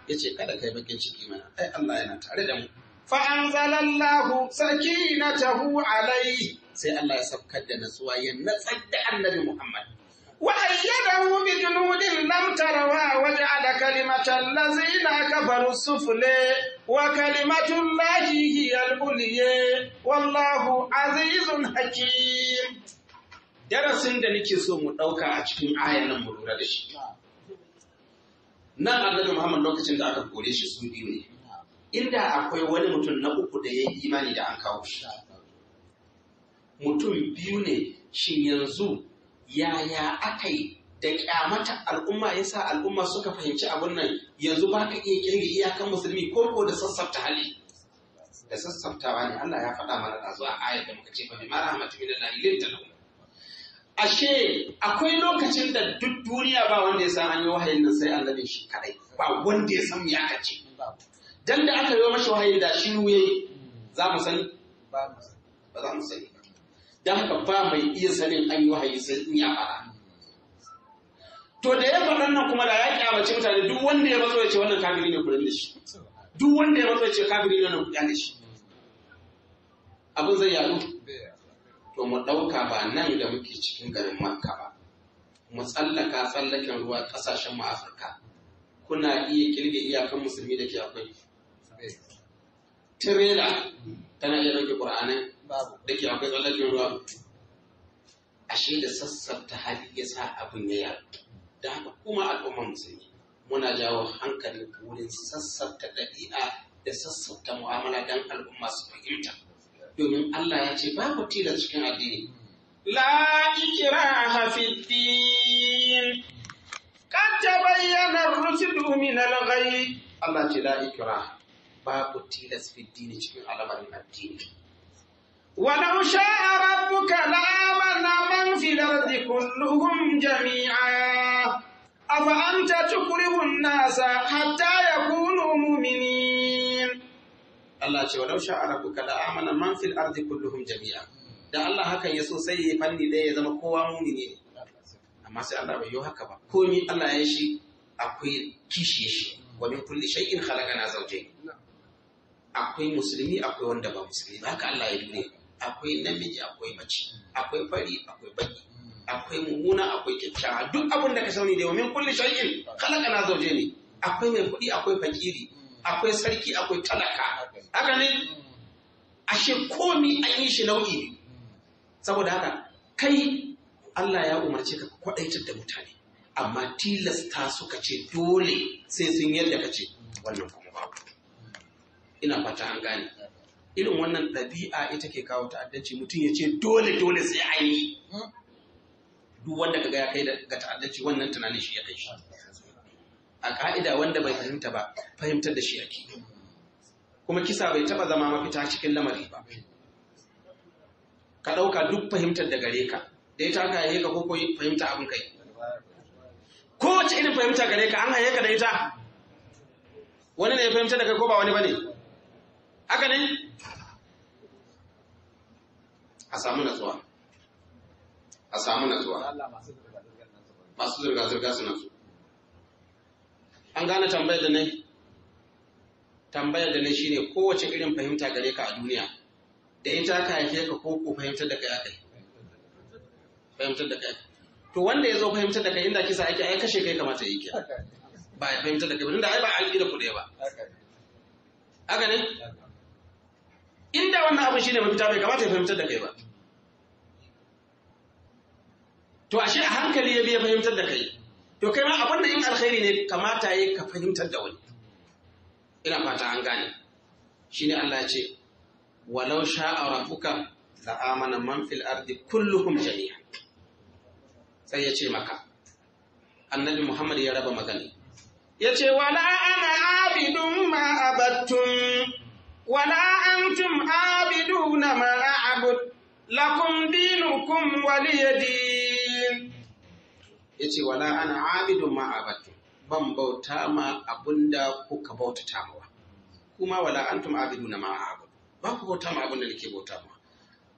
[SPEAKER 1] yace kada kai bakin ciki mana ai Allah yana tare da mu fa anzalallahu sakinatahu alai sai Allah ya sabkar da tsaye na natsar da annabi Muhammad وأيده بجنود لم ترها وجعل كلمة الذين كفروا السفلى وكلمة الله هي العليا والله عزيز حكيم darasin da nake so mu ɗauka a cikin ayan nan mu da shi nan annabi Muhammad lokacin da aka kore shi su biyu ne inda akwai wani mutum na uku ya yi imani da an kawo shi mutum biyu ne shin yanzu yaya aka yi da kyamata al'umma ya sa al'umma suka fahimci abin nan yanzu ba ka iya kirga iyakan musulmi ko ko da sassafta hali da sassaftawa ne Allah ya faɗa mana da zuwa ayar da muka ce fa bima rahmatin min Allah ta lahum ashe akwai lokacin da duk duniya ba wanda ya san an yi wahayin nan sai annabin shi kadai ba wanda ya san ya kace dan da aka yi mashi wahayin da shi ne za mu sani ba za mu sani don haka ba mai iya sanin an yi wahayi sai in ya fara to da ya faɗan nan kuma da ya kyamace mutane duk wanda ya matso ya ce wannan kafiri ne kuren da shi duk wanda ya matso ya ce kafiri ne na kuɗa da shi abin zai yaɗu to mu ɗauka ba nan da muke cikin garin makka ba mu tsallaka tsallaken ruwa ƙasashen mu afirka kuna iya kirge iyakan musulmi da ke akwai tirela tana iya ɗauke ƙur'anai da ke akwai tsallakin ruwa ashe da sassarta hali ya sa abin ya yaru da haka kuma al'ummar musulmi muna jawo hankalin wurin sassarta ɗabi'a da sassarta mu'amala don al'umma su fahimta domin Allah ya ce babu tilas cikin addini la ikraha din kan bayyana rusulu min al-ghayb Allah ce la ikraha babu tilas fiddini din cikin al'amarin addini
[SPEAKER 2] ولو شاء ربك
[SPEAKER 1] لآمن من في الأرض كلهم جميعا أفأنت تكره الناس حتى يكونوا مؤمنين الله ce walau sha rabbuka la amana man fil ardi kulluhum jami'a da Allah hakan yaso sai ya fanni ɗaya ya zama kowa mumini ne amma sai Allah bai yi haka ba komi Allah ya shi akwai kishi shi wa min kulli shay'in khalaqana zawjayn akwai musulmi akwai wanda ba musulmi haka Allah ya duniya akwai namiji akwai mace hmm. akwai fari akwai baki hmm. akwai mumuna, akwai kyakkyawa duk abin da ka sani da min kulli shay'in khalaqana ne akwai mai kuɗi akwai fakiri hmm. akwai sarki akwai talaka haka ne ashe komi an yi shi nau'i saboda haka kai Allah ya umarce ka kwadaitar da mutane amma tilasta suka ce dole sai sun yadda ka ce wannan kuma babu ina fata an gane irin wannan ɗabi'a ita ke kawo ta'addanci mutum ya ce dole dole sai a yi duk wanda ka gaya kai ga ta'addanci wannan tunanin shi ya kai shi a ka'ida wanda bai fahimta ba fahimtar da shi ke. kuma kisa bai taba zama mafita cikin lamari ba ka ɗauka duk fahimtar da gare ka da ita aka yaye ka ko ko fahimta abin kai kowace irin fahimta gare ka an haye ka da ita wani ne ya fahimta da kai ko ba wani ba ne haka ne a samu natsuwa a samu natsuwa masu zirga-zirga su an gane tambayar da ne tambayar da shi shine kowace irin fahimta gare ka a duniya da ita ka haife ka ko ku fahimtar da kai akai fahimtar da kai to wanda ya zo fahimtar da kai inda kisa ake ai kashe kai kamata yi kira ba ya fahimtar da kai ba inda ai ba a alƙida da ɗaya ba haka ne inda wannan abin shine mafita bai kamata ya fahimtar da kai ba to ashe a hankali ya biya fahimtar da kai to kai ma abin da in alkhairi ne kamata ya ka fahimtar da wani ina fata an gane shine Allah ya ce walau sha'a rabbuka la amana man fil ardi kulluhum jami'a sai ya ce maka annabi Muhammad ya raba magani. ya ce wala ana abidun ma abattum ولا أنتم عابدون ما أعبد لكم دينكم ولي دين yace wala ana abidun ma abattu ban bauta ma abunda kuka bautata mawa kuma wala antum abiduna ma abudu ba ku bauta ma abunda nake bauta ma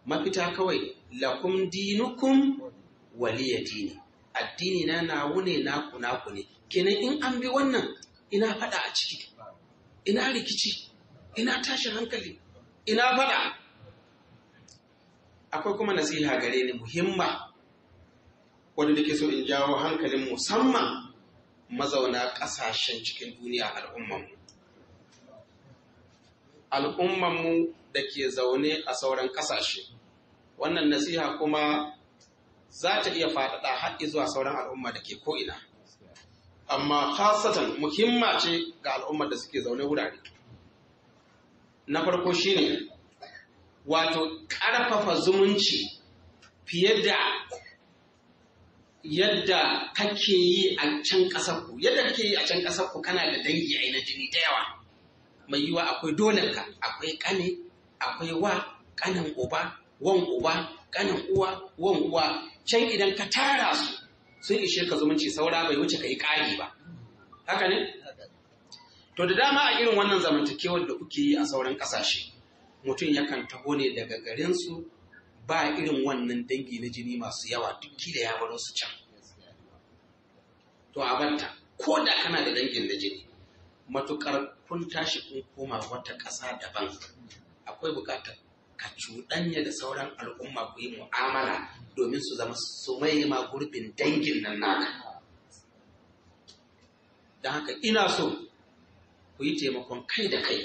[SPEAKER 1] mafita kawai lakum dinukum waliya dini addini na nawu ne naku naku kenan in an bi wannan ina faɗa a ciki ina rikici ina tashin hankali ina faɗa akwai kuma nasiha gare ni muhimma wadda da ke so in jawo hankalin musamman mazauna ƙasashen cikin duniya al'ummanmu al'ummanmu da ke zaune a sauran ƙasashe wannan nasiha kuma za ta iya faɗaɗa har zuwa sauran al'umma da ke ko'ina amma khasatan muhimma ce ga al'ummar da suke zaune wurare na farko shine wato ƙarfafa zumunci fiye da yadda kake yi a can ƙasarku yadda kake yi a can ƙasarku kana da dangi a na jini da yawa mai yiwa akwai dolenka akwai ƙane akwai wa ƙanan uba wan uba ƙanan uwa wan uwa can idan ka tara su sun ishe ka zumunci saura bai wuce ka yi ƙari ba haka ne To da dama a irin wannan zamantakewar da kuke yi a sauran ƙasashe, mutum yakan taho ne daga garinsu ba irin wannan dangi na jini masu yawa duk da ya baro su can. To a banta, ko da kana da dangin na jini, matuƙar kun tashi kun koma wata ƙasa daban, akwai buƙatar ka cuɗanya da sauran al'umma ku yi mu'amala domin su zama su ma gurbin dangin nan naka. Don haka ina so ku yi taimakon kai da kai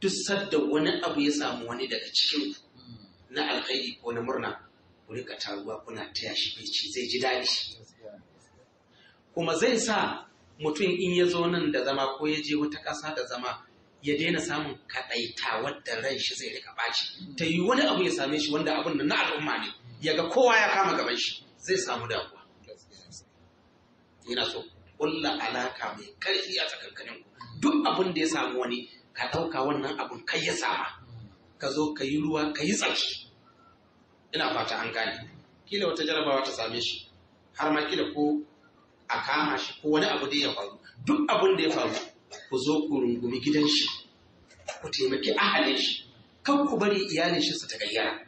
[SPEAKER 1] duk sadda wani abu ya samu wani daga cikin hmm. na alkhairi ko na murna ku rika taruwa kuna taya shi bici zai ji daɗi kuma zai sa mutum in ya zo nan da zama ko ya je wata ƙasa da zama ya daina samun kaɗaita wadda ran shi zai rika ɓaci hmm. ta yi wani abu ya same shi wanda abun na al'umma ne ya ga kowa ya kama gaban shi zai samu damuwa yana so kulla alaka mai karfi a tsakankanin ku duk abin da ya samu wani ka ɗauka wannan abin kai ya sama ka zo ka yi ruwa ka yi tsarki ina fata an gane kila wata jarabawa ta same shi har ma kila ko a kama shi ko wani abu da ya faru duk abin da ya faru ku zo ku rungumi gidan shi ku taimaki ahalin shi kan ku bari iyalin shi su ta gayyara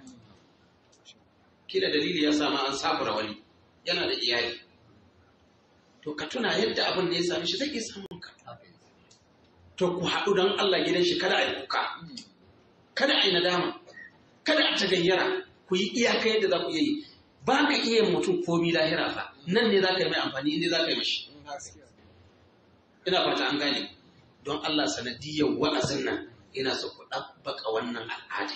[SPEAKER 1] kila dalili ya sama an sabura wani yana da iyali to ka tuna yadda abin da ya sami shi zai iya samun ka to ku haɗu don Allah gidan shi kada a yi kuka kada a yi nadama kada a tagayyara ku yi iyaka yadda za ku iya yi ba ka iya mutum komi lahira fa nan ne za ka yi mai amfani inda za ka yi mashi ina fata an gane don Allah sanadiyar wa'azin nan ina so ku ɗabbaka wannan al'adi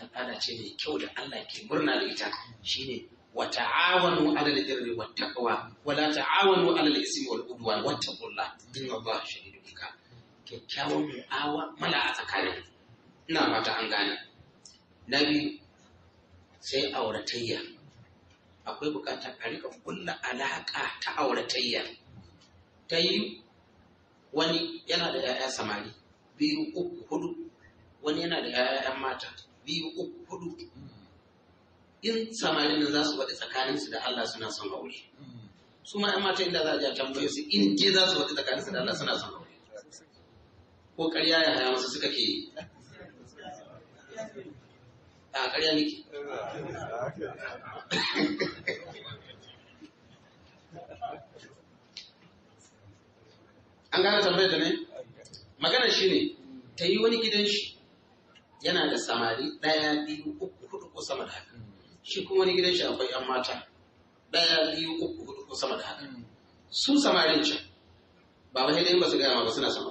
[SPEAKER 1] al'ada ce mai kyau da Allah ke murna da ita shine wa ta'awanu 'alal birri wat taqwa wa la ta'awanu 'alal ismi wal udwan wattaqullah inna Allah shadidul kyakkyawan mu'awa mala a tsakanin ina fata an gane na biyu sai auratayya akwai bukatar a rika kulla alaka ta auratayya ta yi wani yana da 'ya'ya samari biyu uku hudu wani yana da 'ya'yan mata biyu uku hudu in samarin nan za su faɗi tsakaninsu da Allah suna son aure su ma 'yan mata inda za a ja tambayo su in je za su faɗi tsakaninsu da Allah suna son aure ko ƙarya ya haya masu suka ke yi a ƙarya ke. an gane tambayar da ne magana shi ne ta yi wani gidan shi yana da samari ɗaya biyu uku hudu ko sama da haka shi kuma wani gidan shi akwai yan mata ɗaya biyu uku hudu ko sama da haka mm. su samarin can ba ba hidayen ba su gaya ma ba suna sama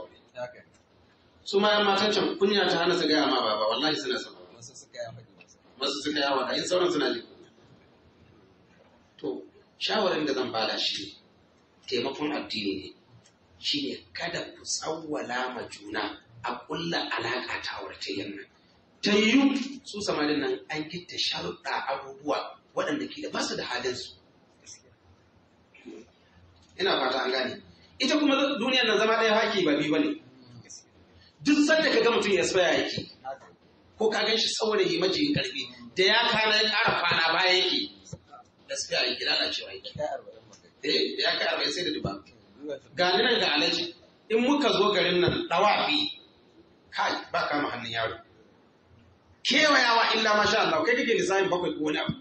[SPEAKER 1] su ma yan matan can kunya ta hana su gaya ma ba ba wallahi suna sama masu suka yawa masu suka yawa da yin sauran suna ji to shawarar da zan bada shi taimakon addini ne shi ne kada ku tsawwala ma juna a ƙulla alaƙa ta auratayyar nan ta su samarin nan an gitta sharuɗa abubuwa waɗanda ke da basu da halinsu ina fata an gane ita kuma duniyar nan zama ɗaya haƙi ba biyu ba ne duk sanda ka ga mutum ya tsaya yake ko ka gan shi saurayi majiyin karfi da ya kana ƙara kwana baya yake gaskiya yake lalacewa yake eh, da ya kai arba'in sai da dubba ga nan ga alaji in muka zo garin nan ɗawafi kai ba kama hannun yaro kewayawa illa masha Allah kai kike lissafin bakwai ko wani abu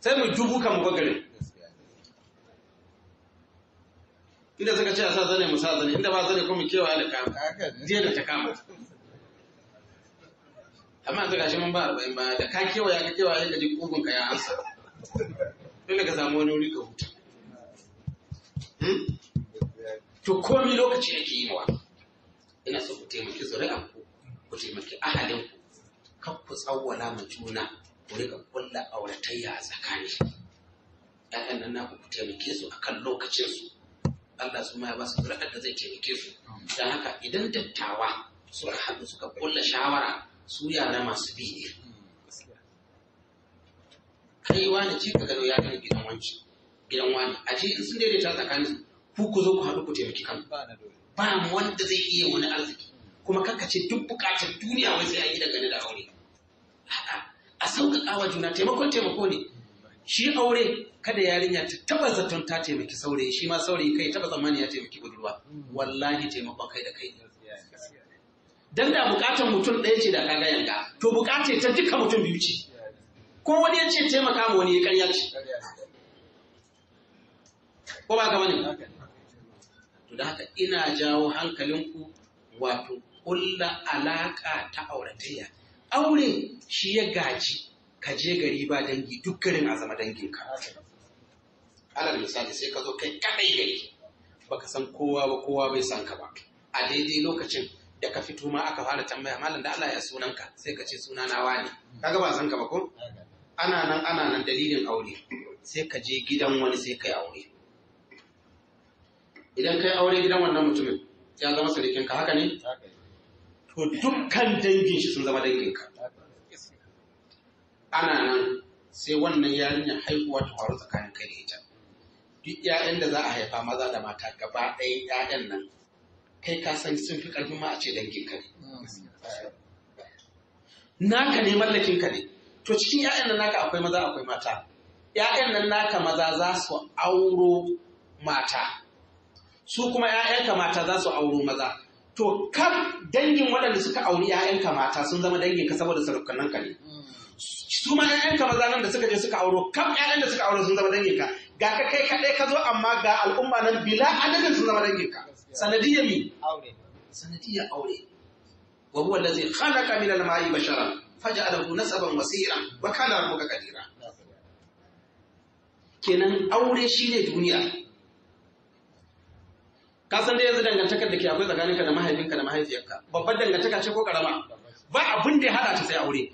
[SPEAKER 1] sai mu dubu kan bagarin inda suka ce a sa zane musa zane inda ba zane kuma kewaya da kama jiya da ta kama amma ta gashi mun ba arba'in ba da ka kewaya ka kewaya ka ji kogon ka ya ansa ne ka samu wani wuri ka huta hmm? to komi lokaci yake yi wa ina so ku taimaki zuri'an ku ku taimaki ahalin kan ku tsawwala ma juna ku rika kulla auratayya a tsakani ƴaƴan nan naku ku taimake su kan lokacin su Allah su ma ya ba su da zai taimake su dan haka idan dattawa suka haɗu suka kulla shawara su yara masu bi ne kai wani ci ka gano ya gani gidan wanci gidan wani a ce in sun daidaita tsakanin ku ku zo ku haɗu ku taimaki kan ba mu wanda zai iya wani arziki kuma kanka ce duk bukatar duniya wai sai an yi ni da aure a sauƙaƙa wa juna taimakon taimako ne shi aure kada yarinya ta taba zaton ta taimaki saurayi shi ma saurayi kai taba zamani ya taimaki budurwa wallahi taimakon kai da kai dan da bukatar mutum ɗaya ce da kaga ga yanka to bukatar ta duka mutum biyu ce ko wani ya ce taimaka ma wani ya karya ce ko ba ka ne to da haka ina jawo hankalinku wato kulla alaka ta auratayya aure shi ya gaji ka je gari ba dangi duk garin a zama dangin ka alal misali sai ka zo kai kadai gari baka san kowa ba kowa bai san ka ba a daidai lokacin da ka fito ma aka fara tambaya malam da Allah ya sunanka sai ka ce suna nawa ne kaga ba san ka ba ko ana nan ana nan dalilin aure sai ka je gidan wani sai kai aure idan kai aure gidan wannan mutumin ya zama surikin ka haka ne to dukkan dangin shi sun zama danginka ana nan sai wannan yarinya haihuwa ta faru tsakanin kai da ita duk 'ya'yan da za a haifa maza da mata gaba ɗaya 'ya'yan nan kai ka san sun fi ƙarfin ma a ce dangin ka ne naka ne mallakin ka ne to cikin 'ya'yan nan naka akwai maza akwai mata 'ya'yan nan naka maza za su auro mata su kuma 'ya'yanka mata za su auro maza to kan dangin waɗanda suka auri 'ya'yanka mata sun zama dangin saboda sarukannanka ne su ma 'ya'yanka maza nan da suka je suka auro kan 'ya'yan da suka auro sun zama dangin ga ka kai kaɗai ka zo amma ga al'umma nan bila adadin sun zama dangin ka sanadiyya mi sanadiyya aure wa huwa allazi khalaqa min al-ma'i basharan faj'alahu nasaban wasira wa kana rabbuka qadira kenan aure shine duniya ka san dai yanzu dangantakar da ke akwai tsakaninka da mahaifinka da mahaifiyarka babbar dangantaka ce ko karama ba abin da ya hada ta sai aure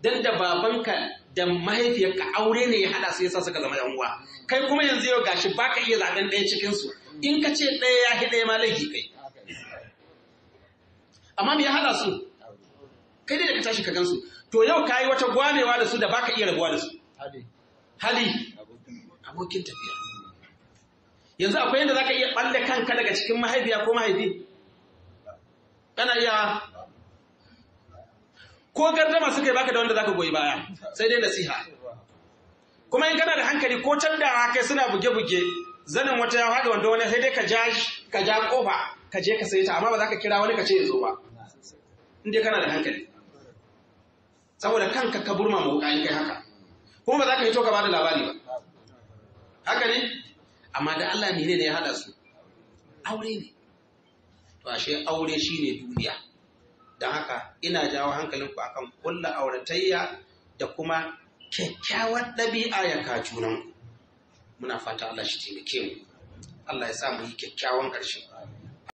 [SPEAKER 1] dan da babanka da mahaifiyarka aure ne ya hada su yasa suka zama yan uwa kai kuma yanzu yau gashi baka iya zaben ɗaya cikin su in ka ce ɗaya ya hi ɗaya ma laifi kai amma me ya hada su kai ne da ka tashi ka gansu to yau kayi wata gwamewa da su da baka iya rabuwa da su hali abokin tafiya
[SPEAKER 2] yanzu akwai yadda za ka iya ɓalle kanka daga cikin mahaifiya ko mahaifi
[SPEAKER 1] kana iya ko gardama suka yi baka da wanda za ka goyi baya sai dai nasiha kuma in kana da hankali ko can da kai suna buge-buge zanen wata ya haɗa wanda wani sai dai ka ja ƙofa ka je ka sai ta amma ba za ka kira wani ka ce yanzu ba in dai kana da hankali saboda kanka ka burma ma wuƙa in kai haka kuma ba za ka hito ka ba da labari ba haka ne amma da Allah ne ne ya haɗa su aure ne to ashe aure shine duniya don haka ina jawo hankalinku akan kulla auratayya da kuma kyakkyawar ɗabi'a ya ka junanku muna fata Allah shi taimake mu Allah ya sa mu yi kyakkyawan ƙarshe